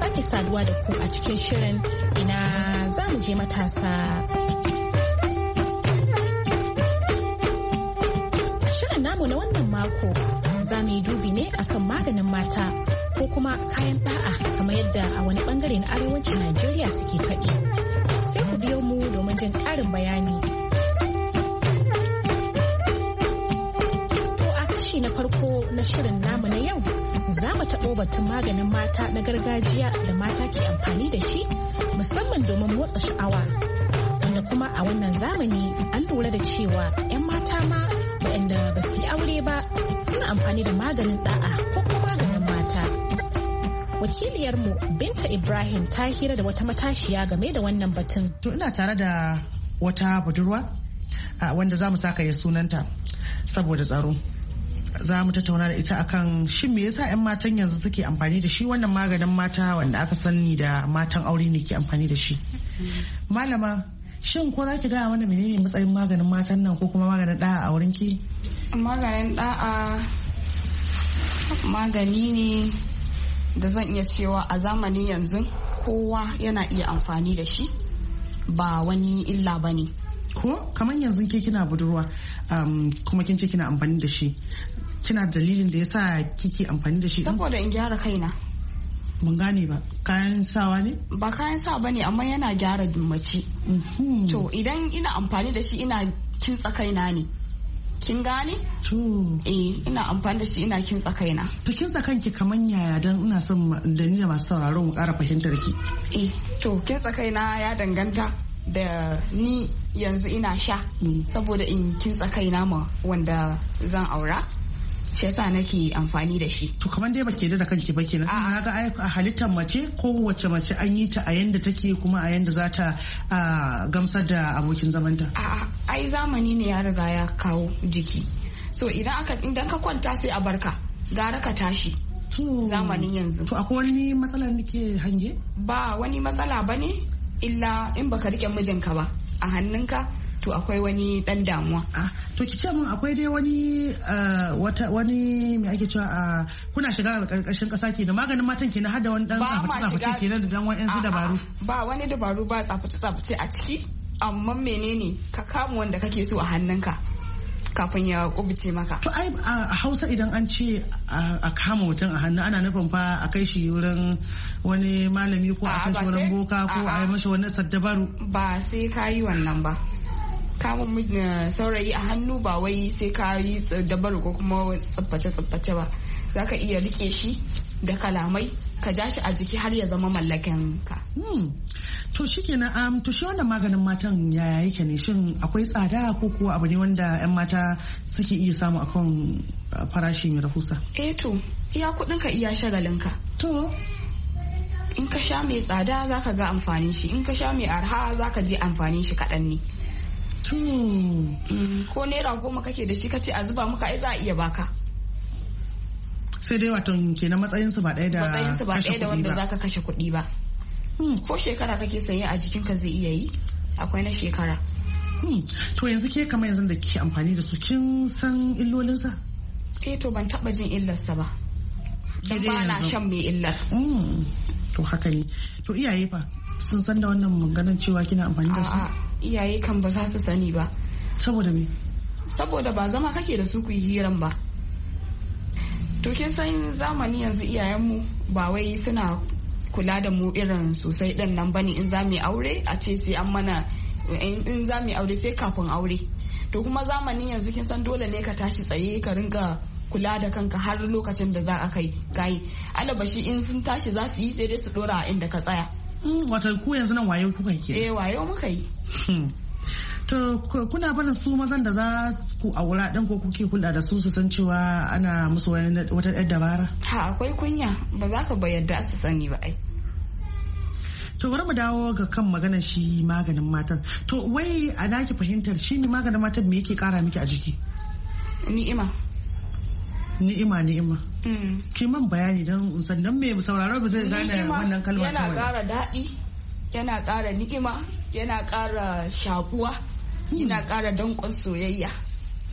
sake saduwa da ku a cikin shirin ina za mu je matasa. shirin namu na wannan mako za mu yi dubi ne akan maganin mata ko kuma kayan da'a kamar yadda a wani bangare na arewacin Najeriya suke faɗi. Sai ku biyo mu domin jin ƙarin bayani. To a kashi na farko na shirin namu na yau za mu taɓo batun maganin mata na gargajiya da mata ke amfani da shi musamman domin motsa sha'awa. Wanda kuma a wannan zamani an lura da cewa 'yan mata ma waɗanda ba su yi aure ba suna amfani da maganin ɗa'a ko kuma maganin mata. Wakiliyarmu Binta Ibrahim ta hira da wata matashiya game da wannan batun. ina tare da wata budurwa wanda za mu saka sunanta saboda tsaro. za mu tattauna da ita akan shin me yasa 'yan matan yanzu suke amfani da shi wannan maganin mata wanda aka sani da matan aure ne ke amfani da shi malama shin ko za ki gaya mana menene matsayin maganin matan nan ko kuma maganin da'a a wurin ki maganin da'a magani ne da zan iya cewa a zamanin yanzu kowa yana iya amfani da shi ba wani illa ba ne ko kamar yanzu ke kina budurwa um, kuma kin ce kina amfani da shi kina dalilin da yasa kike amfani da shi saboda in gyara kaina ban gane ba kayan sawa ne ba kayan sawa bane amma yana gyara mace mm-hmm. to idan ina amfani da shi ina kintsa kaina ne kin gane eh ina amfani da shi ina kintsa kaina to kintsa kanki kaman yaya dan ina son da ni da masu sauraro mu kara fahimtar ki eh to kintsa kaina ya danganta da ni yanzu ina sha mm. saboda in kintsa kaina ma wanda zan aura shi yasa nake amfani da shi to kamar dai bake da da kanki ba kenan na ga a halittar mace ko wace mace an yi ta a yanda take kuma a yanda za ta gamsar da abokin zamanta a'a ai zamani ne ya riga ya kawo jiki so idan aka idan ka kwanta sai a barka gara ka tashi zamanin yanzu to akwai wani matsala nake hange ba wani matsala bane illa in baka rike mijinka ba a hannunka to akwai wani dan damuwa ah, to ki ce mun akwai dai wani eh, wata wani me ake cewa a ah, kuna shiga karkashin kasa ke da maganin matan ke na hada wani dan tsafaci tsafaci ke da dan wani yanzu dabaru ba wani dabaru ba tsafaci tsafaci a ciki amma menene ka kama wanda kake so a hannunka kafin ya kubuce maka. To ai a Hausa idan an ce a kama mutum a hannu ana nufin fa a kai shi wurin wani malami ko a kai shi wurin boka ko a yi mashi wani saddabaru. Ba sai ka yi wannan ba. kamun eh, saurayi a hannu ba wai sai ka yi dabaru ko kuma tsafface-tsafface ba za ka iya rike shi da kalamai ka ja shi a jiki har ya zama mallakin ka. Hmm. To shi ke um, to shi wannan maganin matan yaya yake ne shin akwai tsada ko kuwa abu ne wanda 'yan mata suke iya samu akan uh, farashi mai rahusa? Eh to iya kudin ka iya shagalin ka. To. In ka sha mai tsada za ka ga amfanin shi in ka sha mai arha za ka je amfanin shi kaɗan ne. ko naira goma kake da shi kace a zuba muka ai za a iya baka sai dai wato kenan matsayin su ba ɗaya da matsayin su ba ɗaya da wanda zaka kashe kuɗi ba hmm. ko shekara kake saye a jikin ka zai iya yi akwai na shekara hmm. to yanzu ke kamar yanzu da ke amfani da su kin san illolinsa eh to ban taba jin illarsa ba dan ba na shan mai illar hmm. to haka ne to iyaye fa sun san da wannan ganin cewa kina amfani da su iyaye kan ba za su sani ba saboda me saboda ba zama kake da su ku yi hiran ba to kin san zamani yanzu iyayenmu ba wai suna kula da mu irin sosai din nan bane in za mu aure a ce sai an mana in za mu aure sai kafin aure to kuma zamani yanzu kin san dole ne ka tashi tsaye ka rinka kula da kanka har lokacin da za a kai gayi alabashi in sun tashi za su yi sai dai su dora inda ka tsaya mm, wato ku yanzu nan wayo kuka ke eh wayo muka yi Hmm. to kuna bana su mazan da za ku aura din ko kuke hulɗa da su su san cewa ana musu wata ɗan dabara ha akwai kunya ba za ka da su sani ba ai to bari mu dawo ga kan magana shi maganin matan to wai a daki fahimtar shi ne maganin matan me yake kara miki a jiki ni'ima ni'ima ni'ima hmm. ki man bayani don sannan me sauraro ba zai gane wannan kalmar yana kara daɗi yana kara ni'ima yana ƙara shakuwa yana ƙara danƙon soyayya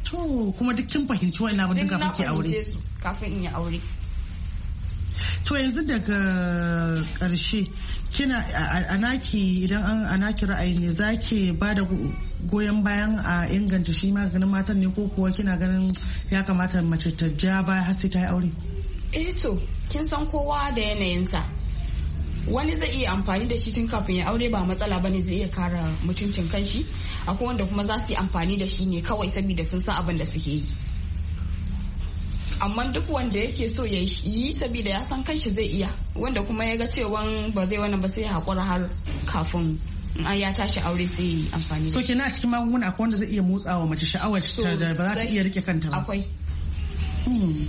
to kuma duk kin fahimci wani abin kafin ki aure kafin in yi aure to yanzu daga karshe kina anaki idan an anaki ra'ayi ne zaki ba da goyon bayan a inganta shi maganin matan ne ko kuwa kina ganin ya kamata mace ta ja baya har sai ta yi aure eh to kin san kowa da yanayinsa wani zai iya amfani da shi tun kafin ya aure ba matsala bane zai iya kara mutuncin kanshi akwai wanda kuma za su yi amfani da shi ne kawai saboda sun san abin da suke yi amma duk wanda yake so ya yi saboda ya san kanshi zai iya wanda kuma ya ga cewa ba zai wannan ba sai ya hakura har kafin an ya tashi aure sai yi amfani so kenan a cikin magunguna akwai wanda zai iya motsawa mace sha'awar ta da ba za ta iya rike kanta ba akwai hmm.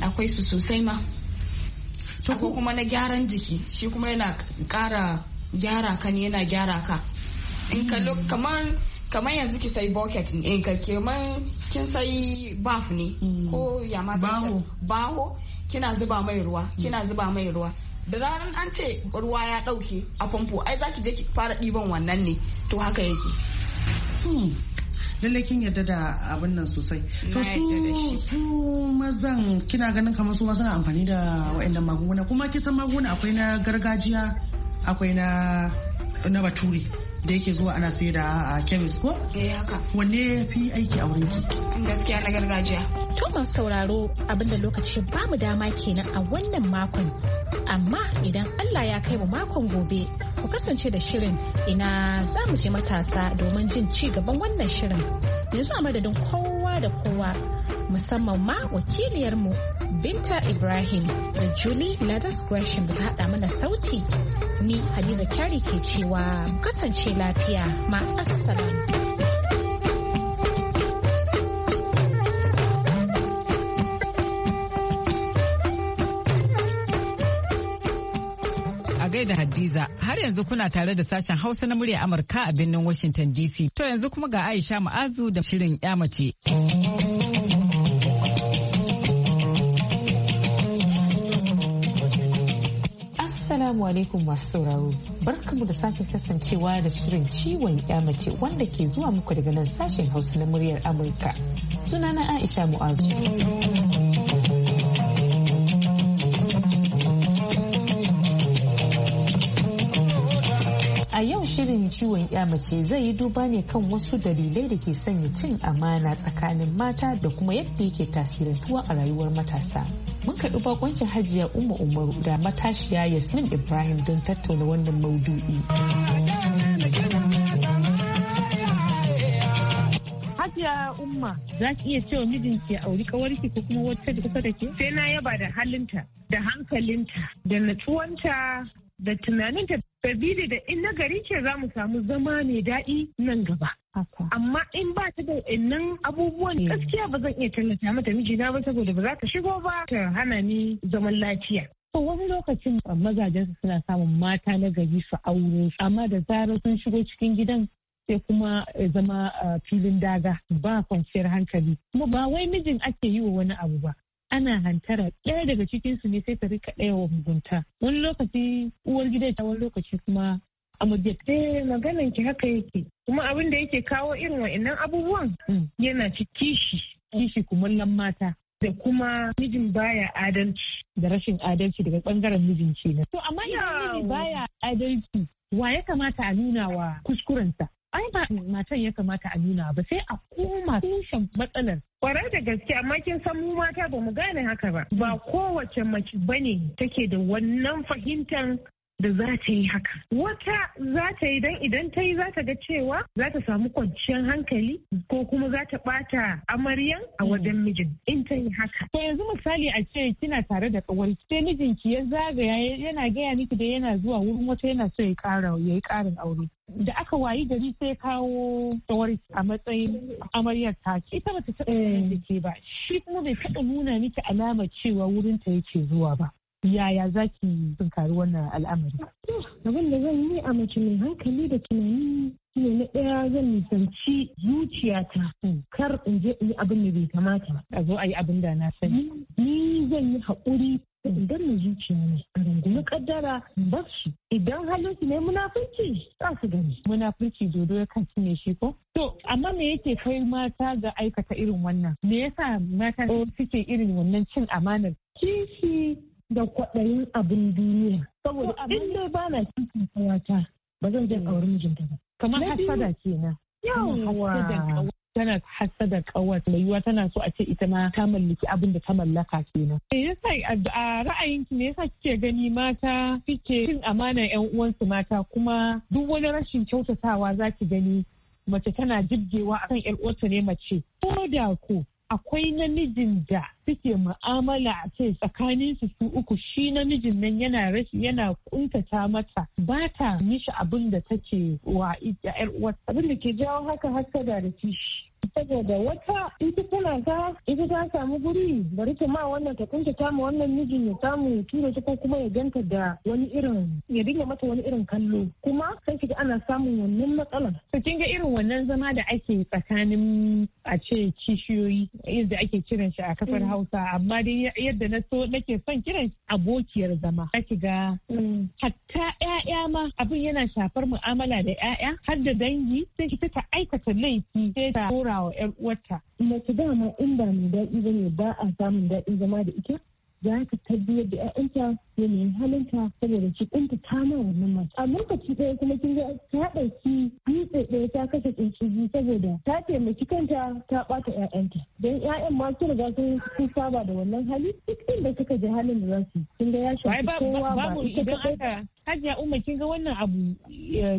akwai su sosai ma to ko kuma na gyaran jiki shi kuma yana kara gyara ka ne yana gyara ka in ka kamar kamar yanzu ki sai bucket in eh, ka man kin sai baf ne mm. ko ya ma baho baho kina zuba mai ruwa kina mm. zuba mai ruwa da ranar an ce ruwa ya dauke a famfo ai zaki je ki fara diban wannan ne to haka yake hmm. lallai kin yarda da abin nan sosai to su su mazan kina ganin kamar su ma suna amfani da waɗannan magunguna kuma kisan magunguna akwai na gargajiya akwai na na baturi da yake zuwa ana sayar da a kemis ko? Eh, Wanne fi aiki a wurin ki? Gaskiya na gargajiya. To masu sauraro abinda lokaci ba mu dama kenan a wannan makon. Amma idan Allah ya kai mu makon gobe ku kasance da shirin ina za mu je matasa domin jin ci gaban wannan shirin yanzu a madadin kowa da kowa musamman ma wakiliyarmu binta ibrahim da julie ladas gresham da ta haɗa mana sauti ni hadiza kyari ke cewa kasance lafiya ma da Hadiza har yanzu kuna tare da sashen Hausa na murya Amurka a birnin Washington DC. To yanzu kuma ga Aisha Ma'azu da shirin yamace. Assalamu alaikum masu sauraro. Barkamu da sake kasancewa da shirin ciwon ya wanda ke zuwa muku daga nan sashen Hausa na muryar Amurka. Sunana Aisha Mu'azu. shirin ciwon mace zai yi duba ne kan wasu dalilai da ke sanya cin amana tsakanin mata da kuma yadda yake tasirantuwa a rayuwar matasa. Mun karɓi bakoncin hajiya Umma Umaru da matashiya Yasmin Ibrahim don tattauna wannan maudu'i. Hajiya Umma za ki iya cewa mijinki ya auri kawarki ko kuma wata da kusa da ke? Sai na yaba da halinta, da hankalinta, da natsuwanta, da tunaninta sabili da in na gari ce za mu samu zama mai daɗi nan gaba. Amma in ba ta da innan abubuwan eh. gaskiya ba zan iya tallata mata mijina ba saboda ba za ta shigo ba ta hana ni zaman lafiya. To wani lokacin su suna samun mata na gari su aure amma da zarar sun shigo cikin gidan sai kuma eh, zama filin daga ba kwanciyar hankali kuma ba wai mijin ake yi wa wani abu ba ana hantara ɗaya daga cikin su ne sai ta rika ɗaya wa mugunta wani lokaci uwar gida ta wani lokaci kuma amurje. Eh maganan ki haka yake kuma abin da yake kawo irin wa'annan abubuwan hmm. yana ci kishi kishi kumallon mata da kuma mijin baya adalci da rashin adalci daga bangaren mijin kenan. To amma idan mijin baya adalci wa ya kamata a nuna wa kuskurensa ai ba matan ya kamata a nuna ba sai a koma tushen matsalar kwarar da gaske amma kin san mu mata ba mu gane haka ba ba kowace mace bane take da wannan fahimtar da za ta yi haka. Wata za ta yi don idan ta yi za ta ga cewa za ta samu kwanciyar hankali ko kuma za ta bata amaryan a hmm. wajen mijin in ta yi haka. To yanzu misali a ce kina tare da kawar sai mijinki ya zagaya yana gaya miki da yana zuwa wurin wata yana so ya kara ya yi karin aure. Da aka wayi gari sai kawo kawar a matsayin amaryar ta ce ita ba ta taɓa eh. da ke ba shi kuma bai taɓa nuna miki alamar cewa wurin ta yake zuwa ba. yaya za ki tunkari wannan al'amari? Abin da zan yi a mace mai hankali da tunani shine na ɗaya zan nisanci zuciyata kar in je in yi abin da bai kamata. A zo a yi abin da na sani. Ni zan yi haƙuri idan na zuciya ne a rungumi kaddara bar shi idan halin su ne munafurci za su gani munafurci dodo ya kan cinye shi ko to amma me yake kai mata ga aikata irin wannan me yasa mata oh. suke irin wannan cin amanar kishi da kwaɗayin abin duniya. Saboda in dai ba na cikin kawata ba zan je kawar mm. mijinta ba. Kamar hasada na. Yawwa. tana hasada kawar mai tana so a ce ita ma ta mallaki abin da ta mallaka kenan. Me yasa a ra'ayinki me sa kike gani mata kike cin amana yan uwansu mata kuma duk wani rashin kyautatawa za ki gani mace tana jibgewa akan yan uwarta ne mace. Ko da ko akwai namijin da suke mu'amala a ce tsakanin su su uku shi namijin nan yana rashi yana kuntata mata ba ta mishi abin da take wa yar uwarta abin da ke jawo haka haska da kishi saboda wata ita tana ta ita ta samu guri bari ta ma wannan ta kunta ta ma wannan mijin ya samu tura ta ko kuma ya ganta da wani irin ya dinga mata wani irin kallo kuma sai kiga ana samun wannan matsalar to kin ga irin wannan zama da ake tsakanin a ce kishiyoyi yadda ake kiran shi a kafar hausa amma dai yadda na so nake son kiran abokiyar zama na ga mm. hatta ƴaƴa ma abin yana shafar mu'amala da 'ya'ya. har da dangi sai ita ta aikata laifi sai ta tura wa ƴar uwarta mace dama in ba mai daɗi ba ne ba a samun daɗin zama da ita za ka tabbiyar da 'ya'yanta yanayin halinta saboda cikinta ta ma wannan mace. A lokaci ɗaya kuma kin ga ta ɗauki dutse ɗaya ta kashe tsuntsubi saboda ta taimaki kanta ta ɓata 'ya'yanta. Don 'ya'yan ma sun riga sun saba da wannan hali duk inda suka ji halin da za su kin ga ya shafi kowa ba ita hajiya umma kin ga wannan abu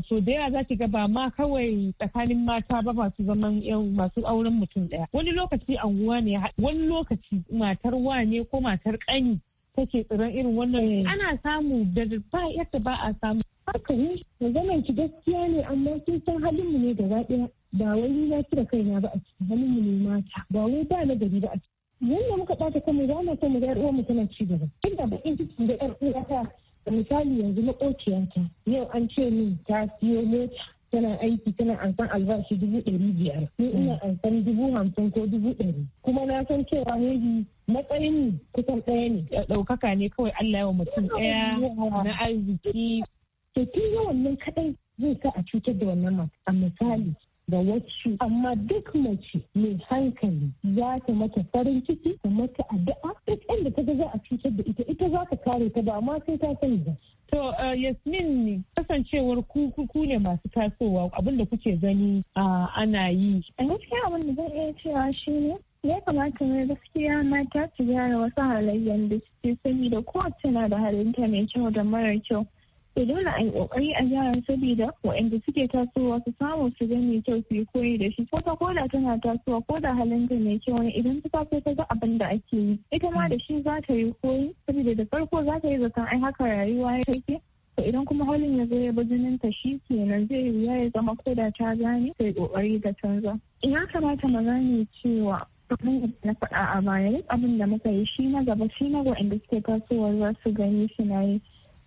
so da yawa zaki ga ba ma kawai tsakanin mata ba masu zaman masu auren mutum daya wani lokaci anguwa ne wani lokaci matar wane ko matar kani take tsiron irin wannan eh. ana samu da ba yadda ba a samu haka ne zaman ki gaskiya ne amma kin san halin mu ne gaba daya ba wai ni na kira kaina ba a cikin halin mu ne mata ba wai ba na gari ba a cikin yanda muka ɓata kanmu za mu so mu ga yar uwa mu tana ci gaba inda bakin cikin da yar uwa ta misali yanzu ta. yau an ce min ta siyo mota tana aiki tana ansan albashi dubu ɗari biyar ni mm. ina ansan dubu hamsin ko dubu ɗari kuma na san cewa maybe matsayin kusan ɗaya ne ɗaukaka ne kawai Allah yawa mutum ɗaya na arziki to tun yawan nan kaɗai zai sa a cutar da wannan mata a misali da wasu amma duk mace mai hankali za ta mata farin ciki ta mata addu'a duk inda ta ga za a cutar da ita ita za ta kare ta ba amma sai ta sani ba To uh, Yasmin kasancewar ku ku ne masu tasowa abinda kuke gani uh, ana yi. A gaskiya abin da zan iya cewa shi ne ya kamata mai gaskiya mata su gyara wasu halayen da suke da kowace na da halinta mai kyau da mara kyau. to dole a yi kokari a jihar saboda waɗanda suke tasowa su samu su ga mai kyau su yi koyi da shi wata koda tana tasowa ko da halin ta mai kyau ne idan ta taso ta ga abin da ake yi ita ma da shi za ta yi koyi saboda da farko za ta yi zaton ai haka rayuwa ya take to idan kuma halin ya zo ya bi jinin ta shi kenan zai wuya ya zama ko da ta gane sai kokari da canza ina kamata mu gane cewa abin da na faɗa a baya abin da muka yi shi na gaba shi na waɗanda suke tasowa za su gani shi na yi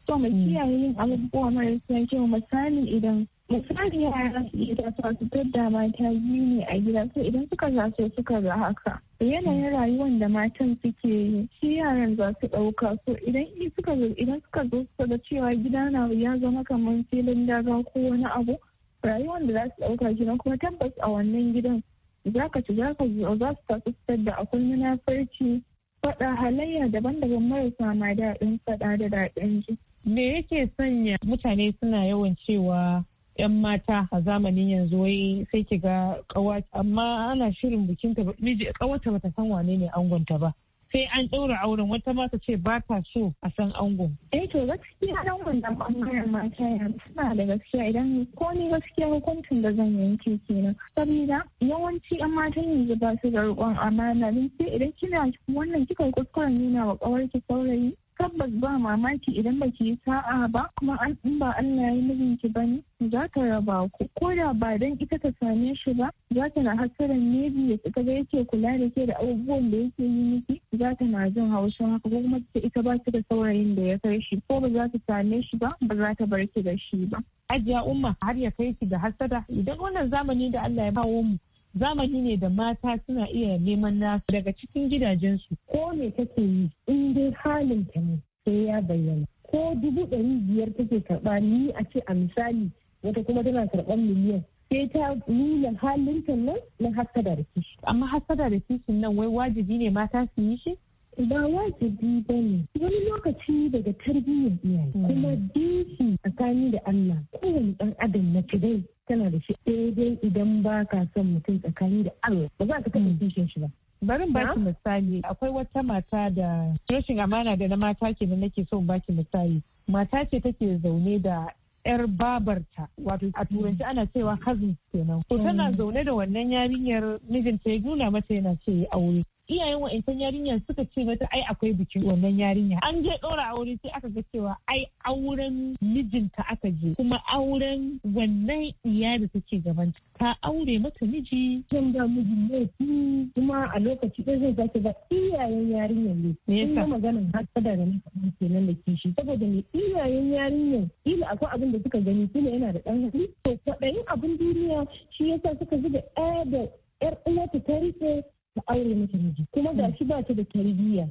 to mu kiyaye yin abubuwa marasa kyau misali idan misali yara su iya su da mata biyu ne a gida sai idan suka za su suka ga haka yanayin rayuwar da matan suke yi shi yaran za su ɗauka so idan suka zo idan suka zo suka ga cewa gida na ya zama kamar filin daga ko wani abu rayuwar da za su ɗauka gida kuma tabbas a wannan gidan za ka ci za ka zo za su tafi fitar da akwai munafarci faɗa halayya daban-daban marasa ma daɗin faɗa da daɗin ji. me yake sanya mutane suna yawan cewa 'yan mata a zamanin yanzu wai sai ki ga kawa amma ana shirin bikin ta miji kawata bata san wane ne angonta ba sai an ɗaura auren wata mata ce ba ta so a san angon. Eh to gaskiya dan wannan bangaren mata yanzu suna da gaskiya idan ko ni gaskiya hukuncin da zan yanke kenan. Saboda yawanci yan matan yanzu ba su da riƙon amana don sai idan kina wannan kika kuskuren nuna wa ƙawarki saurayi tabbas ba mamaki idan ba ki sa'a ba kuma an in ba Allah ya ki ba ne za ta raba ku ko da ba dan ita ta same shi ba za ta na hasaran ne da ita ga yake kula da ke da abubuwan da yake yi miki za ta na jin haushin haka ko kuma ta ita ba ta da saurayin da ya kai shi ko ba za ta same shi ba ba za ta bar ki da shi ba. Ajiya umma har ya kai ki da hasada idan wannan zamani da Allah ya kawo mu zamani ne da mata suna iya neman nasu daga cikin gidajensu ko me take yi in dai halin ta ne sai ya bayyana ko dubu ɗari biyar take karɓa ni a ce a misali wata kuma tana karɓar miliyan sai ta nuna halin ta nan na hasada da kishi amma hasada da kishin nan wai wajibi ne mata su yi shi ba wajibi ba ne wani lokaci daga tarbiyyar iyaye kuma dinki tsakani da Allah kowane ɗan adam na dai tana da shi daidai idan ba ka son mutum tsakani da Allah ba za ka taɓa mm. kishin shi ba bari ki misali akwai wata mata da rashin amana da na mata ke da nake so ki misali mata ce take zaune da yar babarta wato a turanci ana cewa cousin kenan to tana mm. zaune da wannan yarinyar mijinta ya nuna mata yana ce aure iyayen wa'ancan yarinyar suka ce mata ai akwai bikin wannan yarinya an je ɗora aure sai aka ga cewa ai auren mijinta aka je kuma auren wannan iya da take gaban ta aure mata miji zan ga mijin ne? kuma a lokaci ɗaya zai zaki ga iyayen yarinyar ne sun ga maganin haka da ganin ke kenan da kishi saboda ne iyayen yarinyar ila akwai abin da suka gani shine yana da ɗan hali to kwaɗayin abin duniya shi yasa suka zuba ɗaya da yar uwata ta rike ta aure mata miji kuma mm. ga shi ba ta da tarbiyya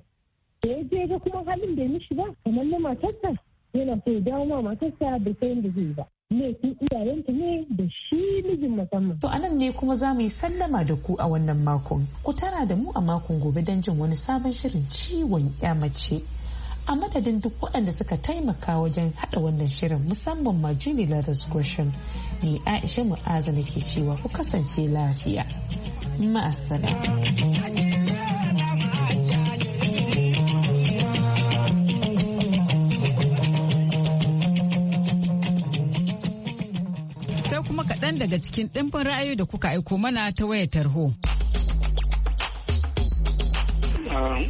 da ya je ga kuma halin da mishi ba kamar na matarsa yana so ya dawo ma matarsa da sayan da zai ba su iyayenta ne da shi mijin musamman. To anan ne kuma za mu yi sallama da ku a wannan makon. Ku tara da mu a makon gobe don jin wani sabon shirin ciwon ya mace. A madadin duk waɗanda suka taimaka wajen haɗa wannan shirin musamman ma Julie Ladas Goshen, ni Aisha Mu'azana ke cewa ku kasance lafiya. sai kuma kaɗan daga cikin ɗimbin ra'ayoyi da kuka aiko mana ta wayar tarho.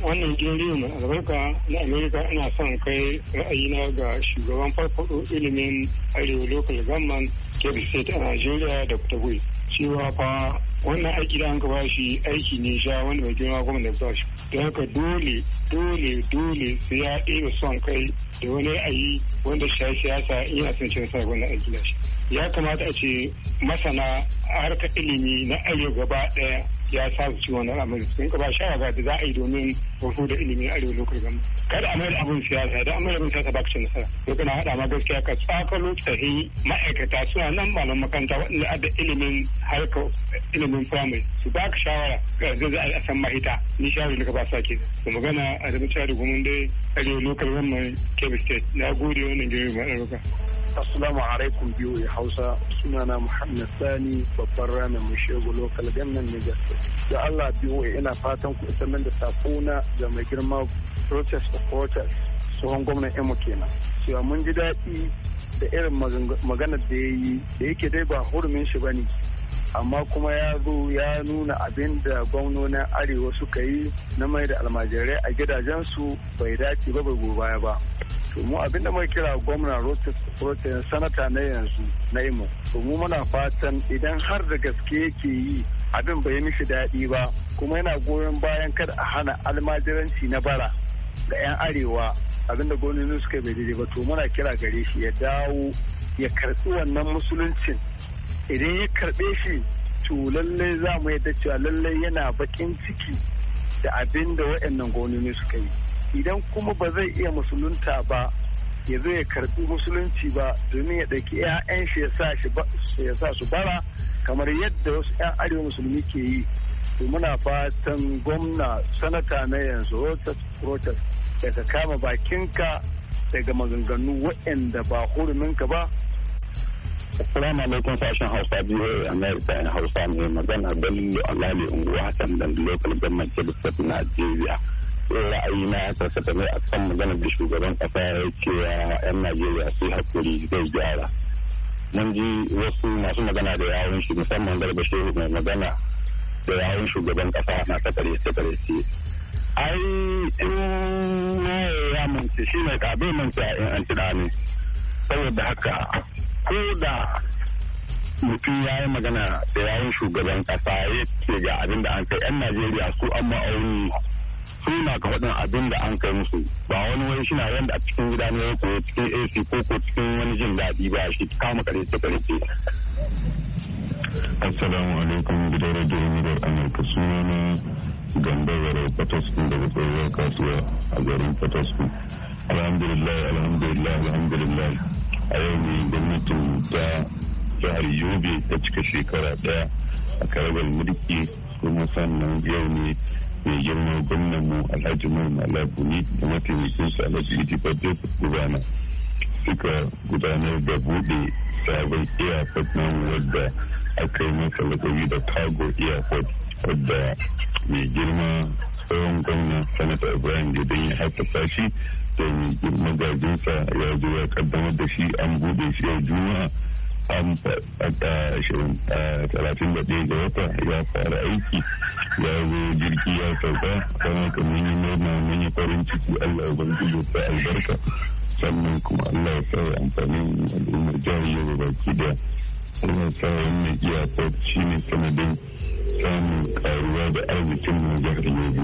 wannan jirgin mai albarka na amerika ina son kai ra'ayi na ga shugaban farfaɗo ilimin arewa local government kebbi state a nigeria da kutagui cewa fa wannan aiki da an ka shi aiki ne sha wanda mai girma gwamna ba shi don haka dole dole dole sai ya ɗaya son kai da wani ayi wanda shi siyasa ina son cewa sa wannan aiki da shi ya kamata a ce masana harkar ilimi na arewa gaba daya ya sa su ciwon na ramar sun ka ba shawara da za a yi domin farko da ilimin arewa lokar gama kada a mayar abin siyasa da mayar abin siyasa ba ka ci nasara to kana hada ma gaskiya ka tsakalo tsahi ma'aikata suna nan malam makaranta waɗanda da ilimin harkar ilimin firamare su ba ka shawara ga za a san mahita ni shawara da ka ba sa ke su magana a da mutuwa da gumin dai arewa lokar gama kebbi state na gode wannan girma ma'aikata. assalamu alaikum biyu ya hausa sunana muhammad sani babban ramin mushegu lokal gannan niger da allah biyu ina fatan ku isar da sakona da mai girma protest of protest tsohon gwamnan emo kenan cewa mun ji daɗi da irin maganar da ya yi da yake dai ba hurumin shi bane amma kuma ya zo ya nuna abin da gwamnonin arewa suka yi na mai da almajirai a gidajensu bai dace ba bai gobe ba to mu abin da mai kira gwamna rotin sanata na yanzu na imo to mu muna fatan idan har da gaske yake yi abin bai yi mishi daɗi ba kuma yana goyon bayan kada a hana almajiranci na bara ga 'yan arewa abinda gwamnonin suka bai ba to muna kira gare shi ya dawo ya karbi wannan musuluncin idan ya karɓe shi to lallai za mu yadda cewa lallai yana bakin ciki da abinda da waɗannan gwamnoni suka yi idan kuma ba zai iya musulunta ba ya zai ya karɓi musulunci ba domin ya ɗauki 'ya'yan shi ya sa su bara kamar yadda wasu 'yan arewa musulmi ke yi to muna fatan gwamna sanata na yanzu protest daga kama bakinka daga maganganu waɗanda ba huruminka ba Assalamu alaikum sashen Hausa biyu Amerika in Hausa ne magana Bello Alali Unguwa Hassan da Local Government Service Najeriya. ra'ayi na karkata mai a kan magana da shugaban kasa ya cewa yan Najeriya su hakuri zai gyara. Mun ji wasu masu magana da yawon shi musamman garba shehu mai magana da yawon shugaban kasa na ta kare ai in ya mance shi mai ɗabe mance a in an ne saboda haka ko da mutum ya yi magana da yawon shugaban kasa, ya ce ga abin da an kai 'yan najeriya su an ma'auni suna ga waɗin abin da an kai musu ba wani wani shi na yadda a cikin gida ne ko cikin ac ko ko cikin wani jin daɗi ba shi kama karece karece Assalamu alaikum gidan radiyon murar Amurka suna na gambara da daga tsohuwar kasuwa a garin Fataskun. Alhamdulillah, alhamdulillah, alhamdulillah. A yau ne gwamnatin ta jihar Yobe ta cika shekara ɗaya a karabar mulki kuma sannan yau ne mai girma gwamnan mu Alhaji Mai Malabuni da mataimakinsa Alhaji Idi Fadde Gubana. suka gudanar da buɗe sabon airport na wadda aka yi masa lakabi da cargo airport wadda mai girma tsawon gwamna sanata ibrahim gidan ya haskaka shi da mai girma gajinsa ya zo ya kaddamar da shi an buɗe shi yau juma'a an ashirin talatin da ɗaya ga wata ya fara aiki ya zo jirgi ya sauka kuma kamar yi murna mun yi farin ciki allah ubangiji ya albarka sannan kuma Allah ya sa ya amfanin al'ummar jihar Yobe baki daya. Allah ya sa wannan iyakar shi ne sanadin samun karuwa da arzikin mu jihar Yobe.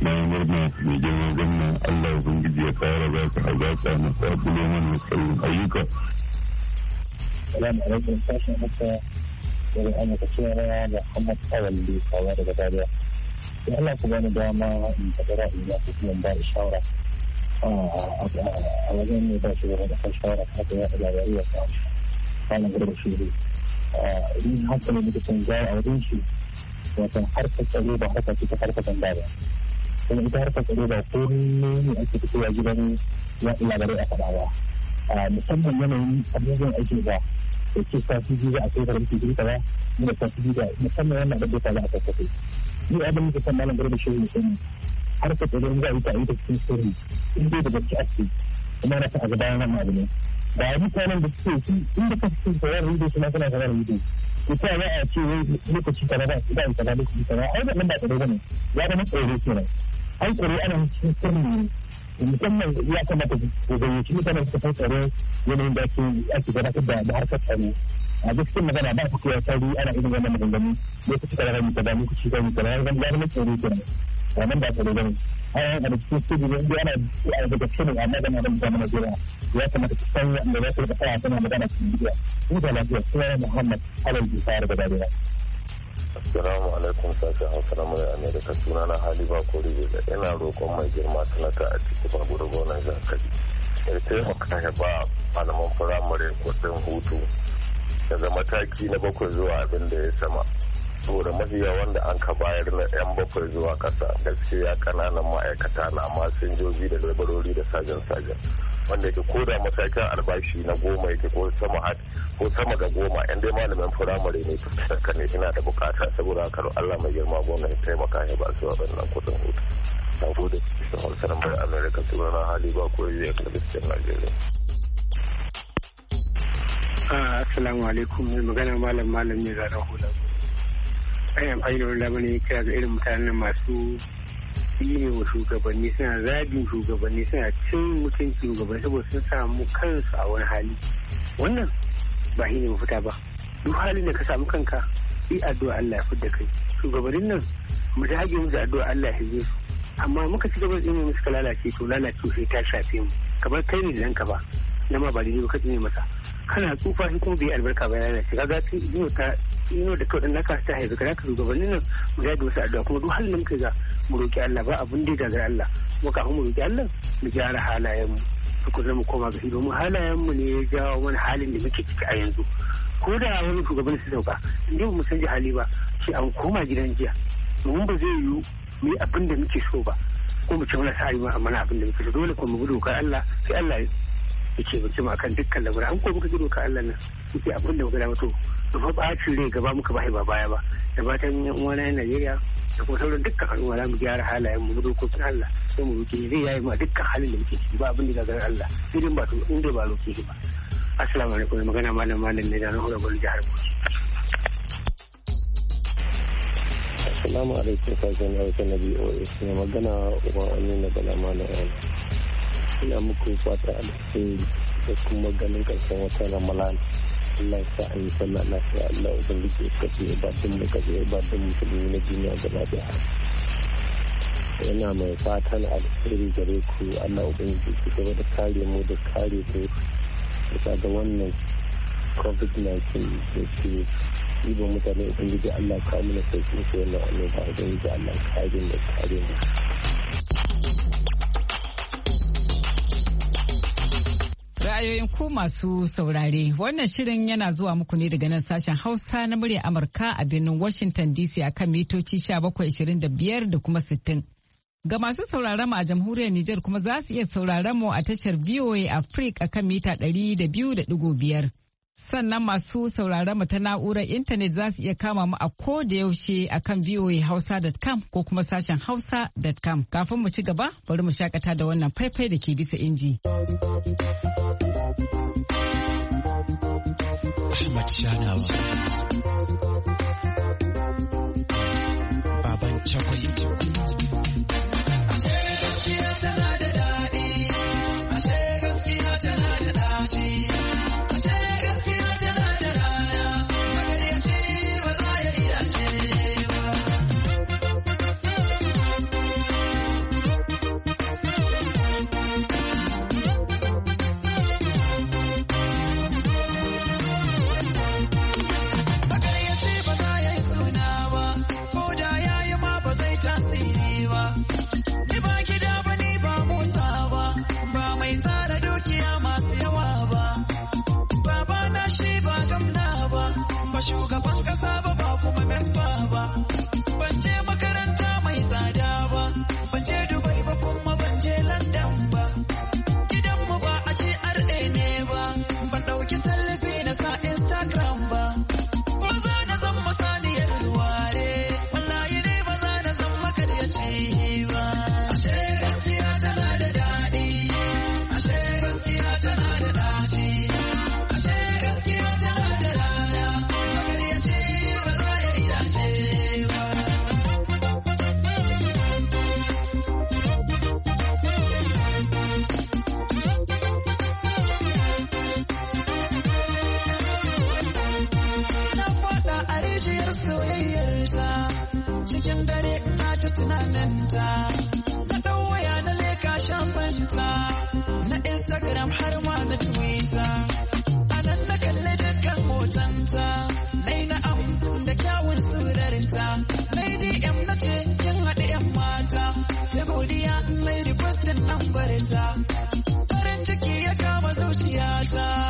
Na yi murna mai girma gwamna Allah ya zungiji ya fara ba ka hazaka na sabulo mana sauran ayyuka. Salamu alaikum sashen haka daga Amurka cewa da Muhammad Awal da ya kawo daga Dariya. Ya Allah ku bani dama in tabbara in ya fi ba da shawara. a wajen ne ba shi gaba da fashawara haka ya labarai ya kawo kwanan gaba shi ne in haka ne muka canza a wajen shi wato harkar tsaro ba haka ce ta harkar sanda ba kuma ita harkar tsaro ba ko ne ake fitowa gidan labarai a faɗa ba musamman yanayin abubuwan aiki ba da ke sati biyu za a kai farin cikin kaza da sati biyu da musamman wannan abin da za a kai ni abin da san malam garba shehu ne har ka tsoron za a yi ta yi ta cikin sirri in dai da gaske ake kuma na a gaba yana abu ne ba a mutanen da suke su inda da cikin tsoron rido suna suna tsoron rido ko ta za a ce lokaci kaza ba su da in kaza lokaci kaza ai da nan ba tsoro bane ya zama tsoro kenan ai tsoro ana cikin sirri ne musamman ya kamata ku gayyaci mutanen su ta tsoro yanayin da ake gabatar da harkar tsaro a gaskiyar magana ba ku sauri ana irin wannan maganganu lokaci kaza ne kaza lokaci kaza ne kaza ya zama tsoro kenan wannan ba tsoro bane ana cikin su ne inda ana a daga cikin amma da madan da mana jira ya kamata ku san wanda za su rika tana magana cikin gida ku da lafiya sai Muhammad Alal Bisar da Dariya Assalamu alaikum sashen Hausa na Amerika suna na hali ba Kori da ina roƙon mai girma talaka a cikin babur gonar zakari. Yarce mu kashe ba malaman firamare kuɗin hutu daga mataki na bakwai zuwa abin da ya sama saboda mafiya wanda an ka bayar na yan bakwai zuwa kasa ya kananan ma'aikata na masinjoji da labarori da sajan sajan wanda yake koda da matakin albashi na goma yake ko sama hat ko sama ga goma yan dai malamin firamare ne fuskar ne ina da bukata saboda haka Allah mai girma ya taimaka ya ba su waɗannan kuɗin hutu na gode da hausa na mai amurka sunana hali ba ko yi cikin najeriya Assalamu alaikum mai magana malam malam ne zanen hula. Ai amfani da wani lamari kira ga irin mutanen masu ilimin wa shugabanni suna zabin shugabanni suna cin mutunci shugabanni saboda sun samu kansu a wani hali. Wannan ba shi ne mafita ba. Duk halin da ka samu kanka yi addu'a Allah ya fidda kai. Shugabannin nan mu dage mu da addu'a Allah ya su. Amma muka ci gaba da ilimin suka lalace to lalace sai ta shafe mu. Kamar kai ne da ka ba. na ma ba daidai ba kaɗi ne masa kana tsufa shi kuma bai albarka ba yana shi kaga ta yi ta yi da kawai naka ta haifi kana ka shugabannin nan mu da dosa addu'a kuma duk halin muka ga mu roki Allah ba abun da gagara Allah kuma kafin mu roki Allah mu gyara halayen mu tukuna mu koma ga shi domin halayen mu ne ya jawo mana halin da muke ciki a yanzu ko da wani shugaban su sauka inda mu san hali ba shi an koma gidan jiya domin ba zai yiwu mu yi abin da muke so ba ko mu ci mana sa'ayi ma amma abin da muke so dole ko mu gudu dokar Allah sai Allah ya yake bacci mu akan dukkan lamura an kuma muka gido ka Allah nan yake abin da muka da mutu da fa bacin rai gaba muka bai ba baya ba da batan yan uwa na Najeriya da kuma sauran dukkan al'umma za mu gyara halayen mu da kokin Allah sai mu ruki zai yayi ma dukkan halin da muke ciki ba abin da gagarar Allah sai dai ba to in dai ba roki ba assalamu alaikum magana malam malam ne da na hura bari jihar Bauchi Assalamu alaikum sashen Hausa na BOA ne magana uban Aminu Bala Malam ina muku fata alheri da kuma ganin karshen wata ramalan Allah sa an yi sallah lafiya Allah ubangiji ya kace ya batun mu ba ya batun musulmi na duniya gaba daya yana mai fatan alheri gare ku Allah ubangiji ya gaba da kare mu da kare ku bisa ga wannan covid-19 da ke ibo mutane ubangiji Allah kawo mana sauki ba a annoba ubangiji Allah kare mu kare mu ra'ayoyin ku masu saurare. Wannan shirin yana zuwa muku ne daga nan sashen Hausa na murya Amurka a birnin Washington DC a kan mitoci 1725 da kuma 60. Ga masu sauraron mu a jamhuriyar Nijar kuma za su iya sauraron mu a tashar VOA Africa a kan mita 200.5. sannan masu sauraron mu ta na'urar intanet za su iya kama mu a ko da yaushe a kan voahausa.com ko kuma sashen hausa.com kafin mu ci gaba bari mu shakata da wannan faifai da ke bisa inji. Ahmad Baban Chakwai matanta nai na abu da kyawun surarinta nai dm na ce kin haɗe yan mata ta godiya mai requestin nan barinta farin ciki ya kama zuciyata